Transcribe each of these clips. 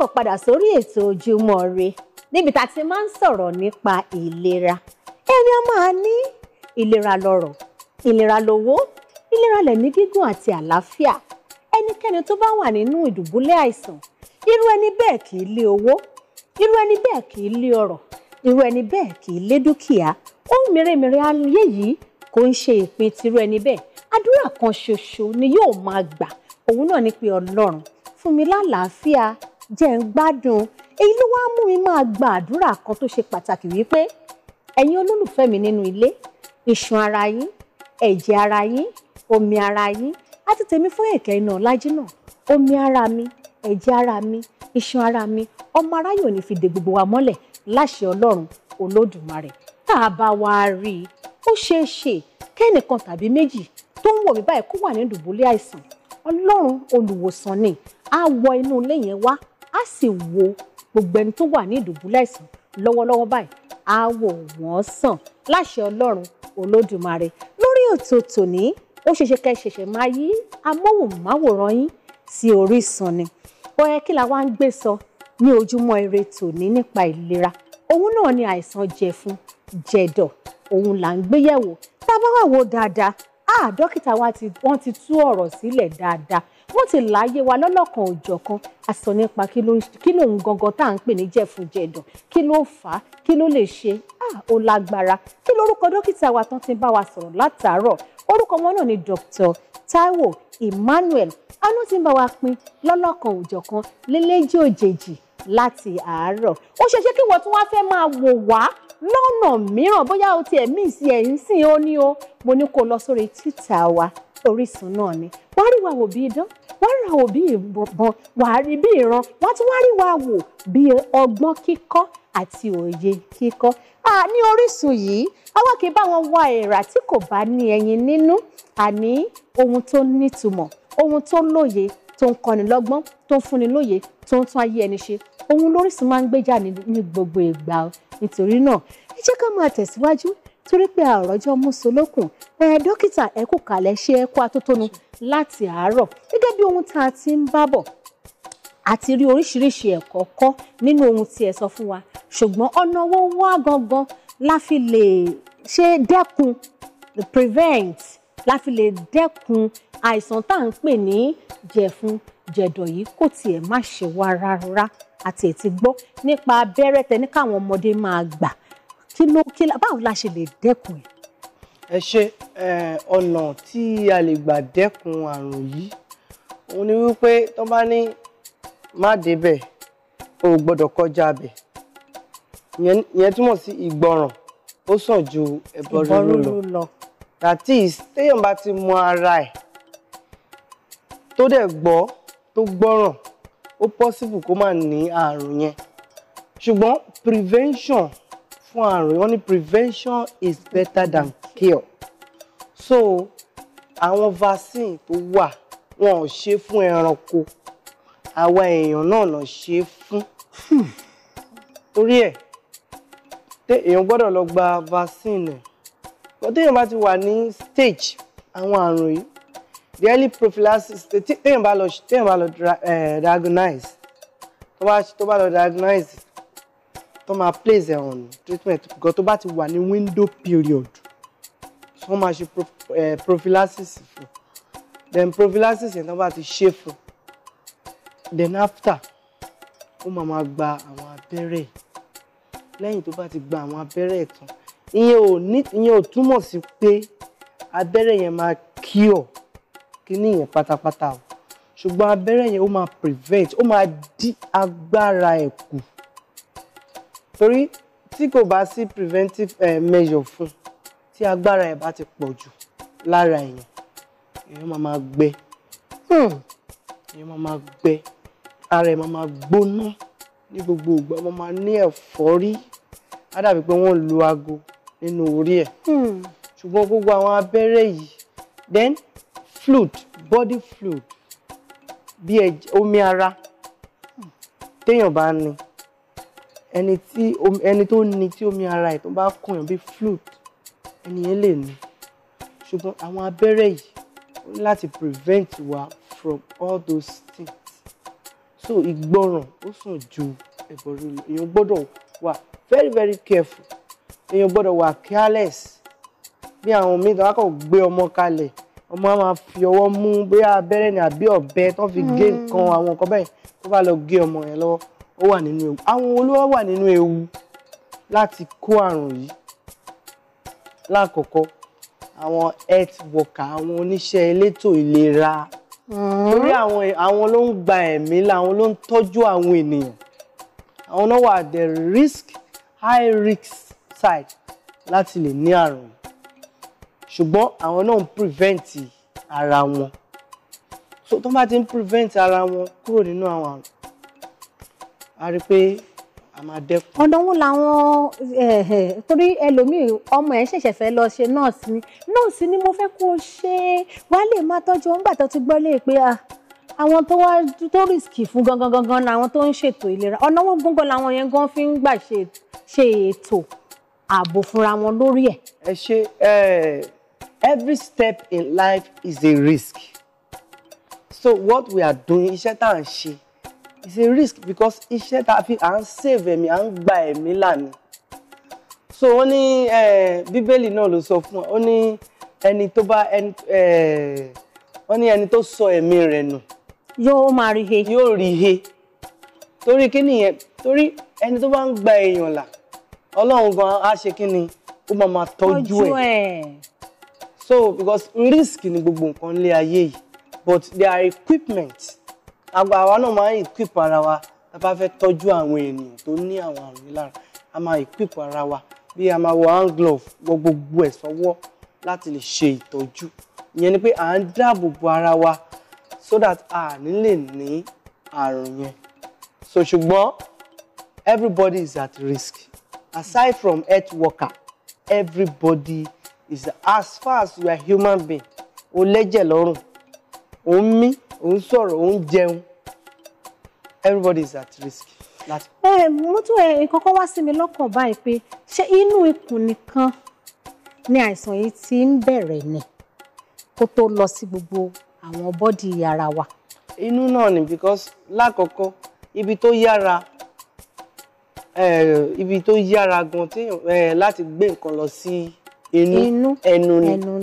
káàbọ̀ padà sórí ètò ojúmọ́ ire níbi tá a ti máa ń sọ̀rọ̀ nípa ìlera ẹni a máa ní ìlera lọ́rọ̀ ìlera lówó ìlera lẹ̀mí gígùn àti àlàáfíà ẹnikẹ́ni tó bá wà nínú ìdùbúlẹ̀ àìsàn irú ẹni bẹ́ẹ̀ kì í lé owó irú ẹni bẹ́ẹ̀ kì í lé ọrọ̀ irú ẹni bẹ́ẹ̀ kì í lé dúkìá ohun mèremère ayé yìí kò ń ṣe ìpín tirú ẹni bẹ́ẹ̀ àdúrà kan ṣoṣo ni yóò máa gbà òun náà ni pé ọlọ́run fún mi lálàáfíà jẹ́ ń gbádùn èyí ló wá mú mi máa gba àdúrà kan tó ṣe pàtàkì wípé ẹ̀yin olólùfẹ́ mi nínú ilé iṣan ara yín ẹ̀jẹ̀ ara yín omi ara yín àti tèmi fún èkè iná ọlájínà omi ara mi ẹ̀jẹ̀ ara mi iṣan ara mi ọmọ aráyè ò ní fi dè gbogbo wa mọ́lẹ̀ láṣẹ ọlọ́run olódùmarè tá a bá wá rí i ó ṣeé ṣe kẹ́nìkan tàbí méjì tó ń wò mí báyìí kó wà ní ìdùbúlẹ̀ àìsàn ọlọ́run olùwòsàn ni á wọ inú ilé yẹn wá á sì wo gbogbo ẹni tó wà ní ìdùbúlẹ̀ àìsàn lọ́wọ́lọ́wọ́ báyìí á wò wọ́n sàn láṣẹ ọlọ́run olódùmarè lórí ètò tòní ó ṣeṣe kẹ́ ṣẹ̀ṣẹ̀ máa yí amóhùnmáwòrán yín sí Orísun ni bóyá kí la wá ń gbé sọ ní ojúmọ́ ire tòní nípa ìlera òun náà ni àìsàn jẹ̀fun jẹ̀dọ̀ òun là ń gbéyẹ̀wò tá a bá wà wò dáadáa ah dókítà wa ti wọ́n ti tú ọ̀rọ̀ sílẹ̀ dáadáa wọ́n ti láyé wa lọ́lọ́kan òjọ̀kan a sọ nípa kí ló ń gangan tá à ń pè ní jẹ̀fun-jẹ̀dọ̀ kí ló fà á kí ló lè ṣe ó lágbára kí lórúkọ dókítà wa tán ti bá wa sọ̀rọ̀ látàárọ̀ orúkọ wọn náà ni Dr. Taiwo Emmanuel anú ti ń bá wa pín lọ́lọ́kan òjọ̀kan lélẹ́jì òjèjì láti àárọ̀ ó ṣe ṣe kí wọ́n tún wá fẹ́ máa wò wá lọ́nà mìíràn bóyá o tiẹ̀ mí sí ẹ̀yìn sìn ó ní o mo ní kó lọ sórí títà wa Orísun náà ni wàá rí wa wò bí idán wàá rí wa wò bí ìbọn wàá rí bí ìran wàá tún wàá rí wa wò bí ọgbọ́n kíkọ́ àti òye kíkọ́ ní Orísun yìí àwa kì í bá wọn wá èèrà tí kò bá ní ẹyin nínú àní ohun tó nítumọ̀ ohun tó lóye tó ń kọ́ni lọ́gbọ́n tó ń fúnni lóye tó ń tún ayé ẹni ṣe ohun lórísun máa ń gbéjà ní gbogbo ìgbà nítorí náà ẹ jẹ́ ká máa tẹ̀síwájú torí pé àròjọ mùsùlùkùn ẹ dókítà ẹ kú kalẹ̀ ṣe ẹ kú atótónu láti àárọ̀ gẹ́gẹ́ bí ohun tá a ti ń bá bọ̀ àti rí oríṣiríṣi ẹ̀kọ́ kọ́ nínú ohun tí ẹ sọ fún wa ṣùgbọ́n ọ̀nà owó wá gangan la fi lè ṣe dẹ́kun prevent la fi lè dẹ́kun àìsàn tá à ń pè ní jẹ̀fun jẹ̀dọ̀ yìí kò tiẹ̀ má ṣe wá rárá àti ẹ̀ ti gbọ́ nípa abẹ́rẹ́ tẹ ní káwọn ọmọdé máa gbà kí ló kí báwo la ṣe lè dẹ́kun ẹ̀. ẹ ṣe ọ̀nà tí a lè gbà dẹ́kun àrùn yìí òun ni wípé tó bá ní má débẹ̀ o gbọ́dọ̀ kọjá bẹ̀ ìyẹn túmọ̀ sí ìgbọràn ó sàn ju ẹbọ rúru lọ that is téèyàn bá ti mọ ara ẹ̀ tó dẹ̀ gbọ́ tó gbọ́ràn ó possible kó má ní àrùn yẹn ṣùgbọ́n prevention fún àrùn wọn ní prevention is better than cure so àwọn vaccine tó wà wọn ò ṣe fún ẹranko àwa èèyàn náà lọ ṣe é fún torí ẹ̀ èèyàn gbọ́dọ̀ lọ gba vaccine but téèyàn bá ti wà ní stage àwọn àrùn yìí the early prophylaxis téèyàn bá lọ téèyàn bá lọ eh, diagnose tó bá lọ diagnose tó máa place ẹ̀ on treatment gan tó bá ti wà ní window period tó máa ṣe prophylaxis fún then prophylaxis yẹn tó bá ti ṣe fún then after ó máa máa gba àwọn abẹ́rẹ́ lẹ́yìn tó bá ti gba àwọn abẹ́rẹ́ tán ìyẹn ò ní ìyẹn ò túmọ̀ sí pé abẹ́rẹ́ yẹn máa cure kíní yẹn pátápátá o ṣùgbọ́n abẹ́rẹ́ yẹn ó máa prevent ó máa dí agbára ẹ̀ kù torí tí kò bá sí preventive eh, measure fún tí agbára ẹ̀ bá ti pọ̀ jù lára èèyàn èèyàn máa ma gbẹ hmm. èèyàn máa ma gbẹ ara ẹ̀ máa ma gbóná ní gbogbo ìgbà máa ma ní ẹ̀fọ́rí á dàbí pé wọ́n lu aago nínú orí ẹ̀ hmm. ṣùgbọ́n gbogbo àwọn abẹ́rẹ́ yìí then fluid body fluid bí omi ara hmm, téèyàn bá ní ẹni tí ẹni tó ní tí omi ara ẹ̀ tó bá kàn yàn bíi fluke ẹni yẹn lè ní ṣùgbọ́n àwọn abẹ́rẹ́ yìí ó ní láti prevent wa from all those things so ìgbọràn ó sàn ju ẹbọ rírú èèyàn gbọ́dọ̀ wà very very careful èèyàn gbọ́dọ̀ wà careless bí àwọn míì tó wá kàn gbé ọmọ kalẹ̀ ọmọ á máa fi ọwọ́ mú bóyá abẹ́rẹ́ ni àbí ọ̀bẹ tó fi gé hmm. nǹkan àwọn nǹkan bẹ́ẹ̀ tó bá lọ gé ọmọ yẹn lọ́wọ́ ó wà nínú ewu àwọn olówó wà nínú ewu láti kó àrùn yìí lákọ̀ọ́kọ́ àwọn health worker àwọn oníṣẹ́ elétò ìlera hmm. torí àwọn àwọn ló ń gba ẹ̀mí làwọn ló ń tọ́jú àwọn ènìyàn àwọn náà wà the risk high risk side láti lè ní àrùn ṣùgbọ́n àwọn náà ń prevent ara wọn so tó bá ti ń prevent ara wọn kúrò nínú àwọn àrùn a rí i pé a máa dẹ́kun. ọ̀nà làwọn torí ẹlòmíì ọmọ ẹ̀ ṣẹ̀ṣẹ̀ fẹ́ lọ ṣe nọ́ọ̀sì ni nọ́ọ̀sì ni mo fẹ́ kó o ṣe wàá lè máa tọ́jú wọn tó ti gbọ́ lé pé àwọn tó wá tó rìsíkì fún gangan gangan làwọn tó ń ṣètò ìlera ọ̀nà wo làwọn yẹn gan fi ń gbà ṣe ètò ààbò fúnra wọn lórí ẹ̀. ẹ ṣe every step in life is a risk so what we are doing iṣẹ́ tá à ń ṣe it's a risk because iṣẹ́ tá a fi à ń save ẹ̀mí à ń gba ẹ̀mí là so ó ní bíbélì náà ló sọ fún ọ ó ní ẹni tó bá ẹni ó ní ẹni tó sọ ẹ̀mí rẹ̀ nù. yóò máa rí he. yóò rí he torí kí nìyẹn torí ẹni tó bá ń gba èèyàn là ọlọ́run gan á ṣe kí ó máa máa tọ́jú ẹ̀ so because risk ni gbogbo nǹkan lé ayé yìí but there are equipment àwa náà máa ń equip ara wa tá a bá fẹ́ tọ́jú àwọn ènìyàn tó ní àwọn àrùn yìí lára a máa equip ara wa bí a máa wọ hand glove wọ gbogbo ẹ̀ sọ́wọ́ láti lè ṣe ìtọ́jú ìyẹn ni pé à ń dáàbò bo ara wa so that a ní lè ní àrùn yẹn so ṣùgbọ́n everybody is at risk aside from health worker everybody is as far as we are human being o lẹ́jẹ̀ lọ́rùn ò ń mí ò ń sọ̀rọ̀ ò ń jẹun everybody is at risk. ẹ mo tún nǹkan kan wá sí mi lọ́kàn báyìí pé ṣé inú ikùn nìkan ni àìsàn yìí ti ń bẹ̀rẹ̀ ni kó tó lọ sí gbogbo àwọn bọ́dì ara wa. inú náà ni because lákọ̀ọ́kọ́ ibi tó yára ibi tó yára gan téèyàn láti gbé nǹkan lọ sí inú ẹnu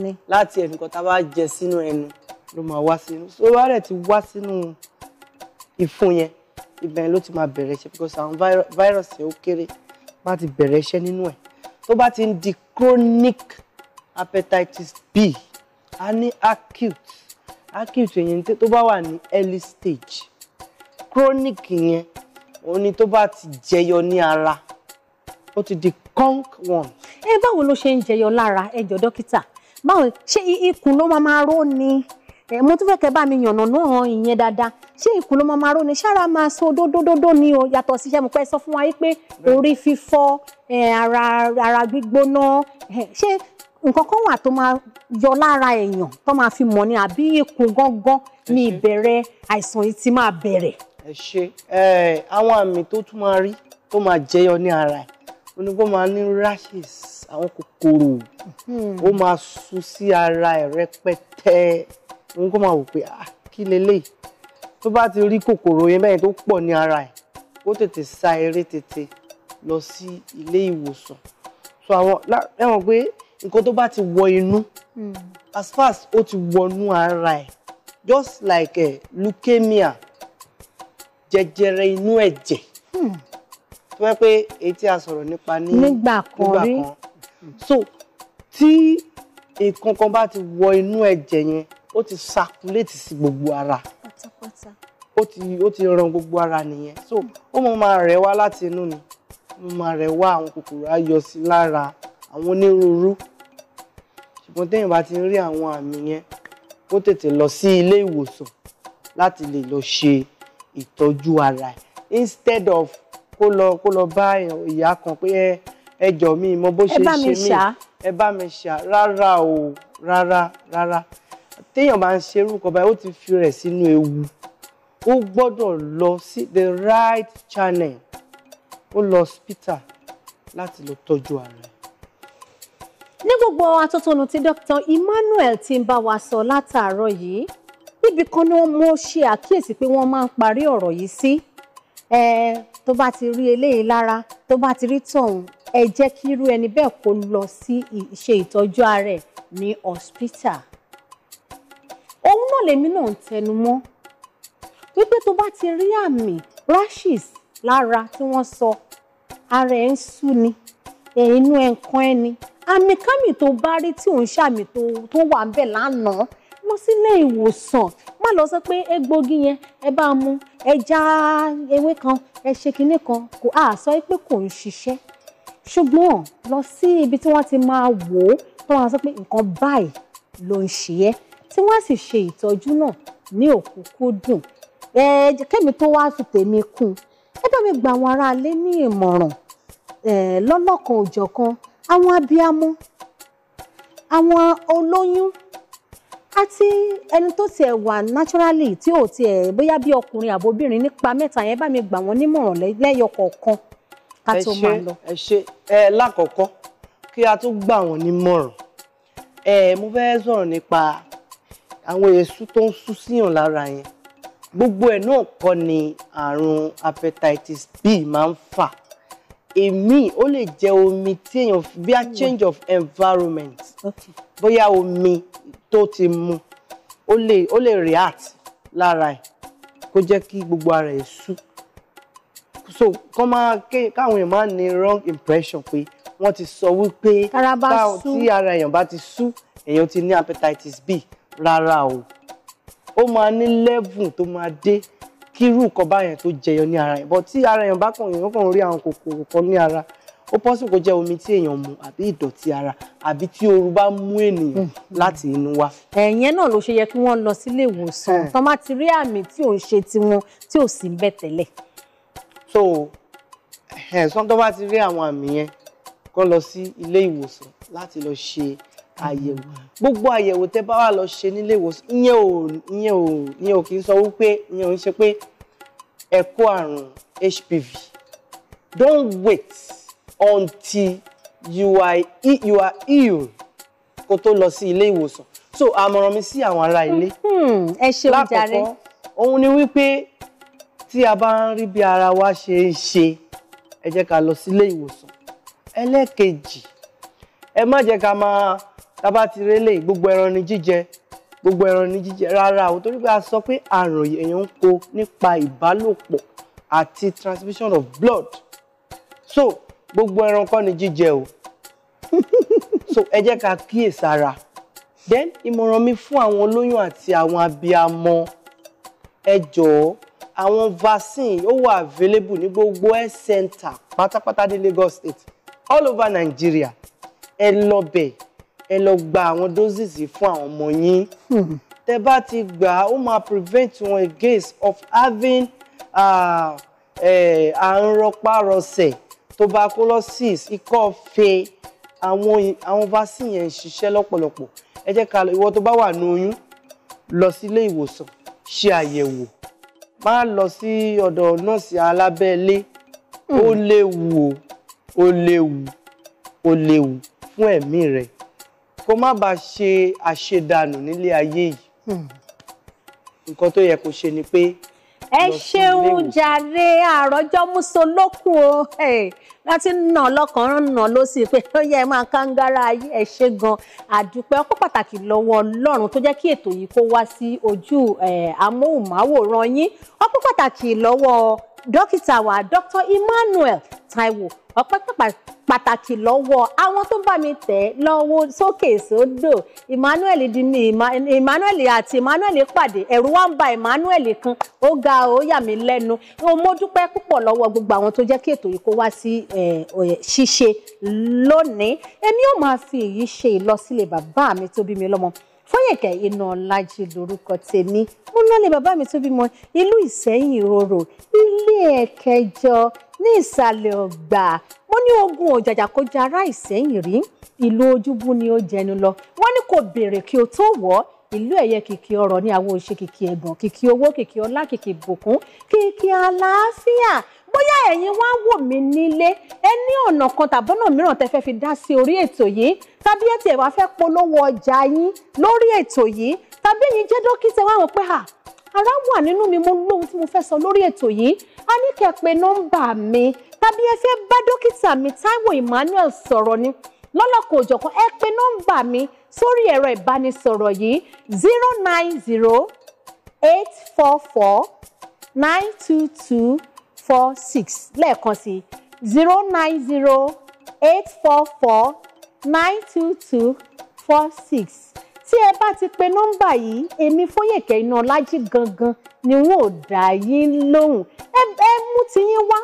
ni láti ẹnìkan tá a bá jẹ sínú ẹnu ló máa wá sínú so wá rẹ̀ ti wá sínú ìfun yẹn ibẹ̀ ló ti máa bẹ̀rẹ̀ iṣẹ́ because àwọn virus yẹn ó kéré bá ti bẹ̀rẹ̀ iṣẹ́ nínú ẹ̀ tó bá ti ń di chronic hepatitis B a ní acute acute yẹn tó bá wà ní early stage chronic yẹn òun ni tó bá ti jẹyọ ní ara ó ti di conk one. ẹ báwo ló ṣe ń jẹyọ lára ẹ jọ dókítà báwo ṣé ikùn ló máa máa ró ni mo tún fẹ́ kẹ́ bá mi yànnà náà ìyẹn dáadáa ṣé ikùn ló máa máa ró ni ṣára máa so dódódódó ni o yàtọ̀ sí iṣẹ́ mo pẹ́ sọ fún wa yìí pé orí fífọ́ ara ara gbígbóná ṣé nǹkan kan wà tó máa yọ lára èèyàn tó máa fi mọ̀ ni àbí ikùn gangan ni ìbẹ̀rẹ̀ àìsàn yìí ti máa bẹ̀rẹ̀. ẹ ṣe àwọn àmì tó tún máa rí tó máa jẹyọ ní ara ẹ onígbó máa ní rashes àwọn kòkòrò hmm. ó máa sun sí ara ẹ rẹpẹtẹ òun kò máa wò pé ah kí leléyìí tó bá ti rí kòkòrò yẹn bẹ́ẹ̀ tó pọ̀ ní ara ẹ̀ ó tètè sa eré tètè lọ sí ilé ìwòsàn so àwọn ẹ̀wọ̀n pé nǹkan tó bá ti wọ inú hmm. as fast ó ti wọnú ara ẹ̀ just like uh, leukemia jẹjẹrẹ inú ẹ̀jẹ̀ hmm. tó yẹ pé èyí tí a sọ̀rọ̀ nípa ní nígbà kan so tí nǹkan kan bá ti wọ inú ẹ̀jẹ̀ yẹn ó ti circulate sí gbogbo ara pátápátá ó ti ran gbogbo ara nìyẹn so ó mọ máa rẹ̀ wá láti inú ni mo máa rẹ̀ wá àwọn kòkòrò ayọ̀ sí lára àwọn onírúurú ṣùgbọ́n téèyàn bá ti rí àwọn àmì yẹn ó tètè lọ sí ilé ìwòsàn láti lè lọ ṣe ìtọ́jú ara ẹ̀ instead of kó lọ kó lọ bá ìyá kan pé ẹ ẹ jọ mi mo bó ṣe ṣe mí ẹ bá mi ṣá rárá o rárá rárá téèyàn bá ń ṣe irúkọ báyìí ó ti fi rẹ̀ sínú ewu ó gbọ́dọ̀ lọ sí the right channel ó lọ hospital láti lọ tọ́jú ara ẹ̀. ní gbogbo atótónu tí Dr. Emmanuel ti ń bá wa sọ látàárọ̀ yìí níbi kan ni mo ṣe àkíyèsí pé wọ́n máa ń parí ọ̀rọ̀ yìí sí tó bá ti rí eléyìí lára tó bá ti rí tọ̀hún ẹ jẹ́ kí irú ẹni bẹ́ẹ̀ kó lọ sí ṣe ìtọ́jú ara ẹ̀ ní hospital náà lèmi náà ń tẹnu mọ́ wípé tó bá ti rí àmì rashes lára tí wọ́n sọ ara ẹ̀ ń sú ni inú ẹ̀ ń kan ẹni àmì kámì tó bá rí tí òun ṣàmì tó wà ń bẹ̀ lánàá lọ sílé ìwòsàn má lọ sọ pé egbògi yẹn ẹ bá mu ẹ já ewé kan ẹ ṣe kinní kan kò á sọ pé kò ń ṣiṣẹ́ ṣùgbọ́n lọ sí ibi tí wọ́n ti máa wò ó tó wọ́n sọ pé nǹkan báyìí ló ń ṣe é tí wọ́n sì ṣe ìtọ́jú náà ní òkúkúdùn kẹ́mi tó wá fi tèmi kún ẹ bá mi gba àwọn aráalé ní ìmọ̀ràn lọ́lọ́kan òjọ̀kan àwọn abiyamọ àwọn olóyún àti ẹni tó tiẹ̀ wà naturally tí ò tiẹ̀ bóyá bí ọkùnrin àbóbìnrin nípa mẹ́ta yẹn bá mi gbà wọ́n nímọ̀ràn lẹ́yọ kọ̀ọ̀kan ká tó máa lọ. ẹ ṣe ẹ lákọ̀ọ́kọ́ kí a tó gbà wọ́n nímọ̀ràn ẹ mo fẹ́ sọ̀rọ̀ nípa àwọn èso tó ń sú síyàn lára yẹn gbogbo ẹ̀ náà kọ́ ni àrùn hepatitis B máa ń fà èmi ó lè jẹ́ omi tí èèyàn bí a hmm. change of environment okay. bóyá omi tó ti mu ó lè ó lè react lára ẹ̀ kó jẹ́ kí gbogbo ara ẹ̀ sú so kọ́ máa káwọn èèyàn máa ní wrong impression pé wọ́n ti sọ wípé tí ara èèyàn bá ti sú èèyàn ti ní hepatitis B rárá o ó máa ní lẹ́bùn tó máa dé kí irú nǹkan báyẹn tó jẹyọ ní ara yẹn bọ́ tí ara yẹn bá kàn yẹn ó kàn rí àwọn kòkòrò kan ní ara ó pọ́sùn kó jẹ́ omi tí èèyàn mu àbí ìdọ̀tí ara àbí tí ooru bá mú ènìyàn hmm. láti inú wa. ẹ̀yẹn náà ló ṣe yẹ kí wọ́n lọ sílé ìwòsàn tán bá ti rí àmì tí ò ń ṣe tiwọn tí ò sì ń bẹ tẹ́lẹ̀. so ẹ̀sán tó bá ti rí àwọn àmì yẹn kán lọ sí ilé ìwòsàn láti lọ ṣe àyẹ̀wò gbogbo àyẹ̀wò tẹ́ bá wà lọ ṣe nílé ìwòsàn ìyẹn ò ìyẹn ò ìyẹn ò kì í sọ wípé ìyẹn ò ń ṣe pé ẹ kó àrùn HPV don't wait until you are you are ill kó tó lọ sí ilé ìwòsàn so àmọ̀ràn mi sí àwọn ará ilé. Hmm, ẹ ṣeun jàre lákòókò òun ni wípé tí a bá ń rí bí ara wa ṣe ń ṣe ẹ jẹ́ ká lọ sílé ìwòsàn ẹlẹ́ẹ̀kejì ẹ má jẹ́ ká máa tábà ti rélé gbogbo ẹran ni jíjẹ gbogbo ẹran ni jíjẹ rárá o torí pé a sọ pé àrùn èèyàn ń kó nípa ìbálòpọ̀ àti transmission of blood so gbogbo ẹran kọ́ ni jíjẹ o so ẹ jẹ́ ká kíyèsára then ìmọ̀ràn mi fún àwọn olóyún àti àwọn abiyamọ ẹ jọ̀ọ́ àwọn vaccine ó wà available ní gbogbo health center pátápátá ní Lagos State all over Nigeria ẹ lọ bẹ̀ẹ́ ẹ lọ gba àwọn doses fún àwọn ọmọ yín hmm. tẹ bá ti gbà ó máa prevent wọn against of having àrùn rọpárọsẹ̀ tuberculosis ikọ́ fe àwọn àwọn vaccine yẹn ń ṣiṣẹ́ lọ́pọ̀lọpọ̀ ẹ jẹ́ ká ìwọ tó bá wà ní oyún lọ sí ilé ìwòsàn ṣe àyẹ̀wò má lọ sí ọ̀dọ̀ nọ́ọ̀sì alábẹ́lé hmm. ó léwu o ó léwu ó léwu fún ẹ̀mí rẹ̀ kó má bàa ṣe àṣedànù nílé ayé yìí hmm. nǹkan tó yẹ kó ṣe ni pé ẹ ṣeun jàre àròjọ musolókun o láti nà lọkàn nà ló sì pé ó yẹ máa kángára ẹ ṣe gan àdúpẹ́ ọpọ pàtàkì lọ́wọ́ Ọlọ́run tó jẹ́ kí ètò yìí kó wá sí ojú amóhùnmáwòrán yín ọpọ pàtàkì lọ́wọ́ dókítà wa Dr. Emmanuel Táíwò ọpẹ́ pàtàkì lọ́wọ́ àwọn tó bá mi tẹ̀ lọ́wọ́ sókè sódò Emmanuel dini Emmanuel àti Emmanuel pàdé ẹ̀rù wá ń ba Emmanuel kan ó ga ó yà mí lẹ́nu mo dúpẹ́ púpọ̀ lọ́wọ́ gbogbo àwọn tó jẹ́ kí ètò yìí kó wá sí ṣíṣe lónìí èmi ò máa fi èyí ṣe ìlọsílẹ̀ bàbá mi tó bí mi lọ́mọ Fọyẹ̀kẹ́ Inaọlájí lórúkọ tèmi mo lọlé bàbá mi tó bímọ ìlú Ìsẹ́yìn Òrò ilé ẹ̀kẹjọ ní ìsàlẹ̀ ọgbà mo ní ogun òjàjà kó jẹ ará ìsẹ́yìn rí ìlú ojúbú ni ó jẹnu lọ wọ́n ní kò béèrè kí o tó wọ̀ ìlú ẹ̀yẹ kìkì ọrọ̀ ní àwọn òṣè kìkì ẹ̀bùn kìkì owó kìkì ọlá kìkì ìbùkún kìkì àlàáfíà bóyá ẹ̀yin wá wò mí nílé ẹ ní ọ̀nà kan tàbọ́nà mìíràn tẹ́ fẹ́ fi dá sí orí ètò yìí tàbí ẹ tiẹ̀ wá fẹ́ polówó ọjà yín lórí ètò yìí tàbí ẹ̀yin jẹ́ dókítà wá wọn pé ara wà nínú mi mo lóhun tí mo fẹ́ sọ lórí ètò yìí a ní kẹ́ pé nọ́mbà mi tàbí ẹ fẹ́ bá dókítà mi Táíwò Emmanuel sọ̀rọ̀ ni lọ́lọ́kọ̀ òjọ̀kan ẹ pé nọ́mbà mi sórí ẹ̀rọ ìbánisọ̀rọ̀ yìí zero nine zero eight four four nine two two four six lẹ́ẹ̀kan sí zero nine zero eight four four nine two two four six tí ẹ bá ti pe nọ́mbà yìí èmi Fóyèkẹ́ Inaọlájí gangan ni wọn ò dá yín lóhùn ẹ tiyín wá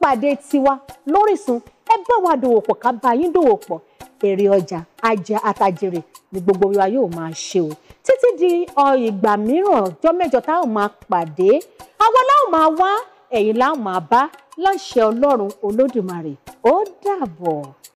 pàdé tiwa lórísun ẹ bá wa dòwò pọ̀ ká bá yín dòwò pọ̀ èrè ọjà ajá àtàjèrè ni gbogbo wa yóò máa ṣe o títí di ìgbà mìíràn ọjọ́ mẹ́jọ tá ò máa pàdé àwa láò máa wá ẹ̀yin láò máa bá láṣẹ Ọlọ́run Olódùmarè ó dàbọ̀.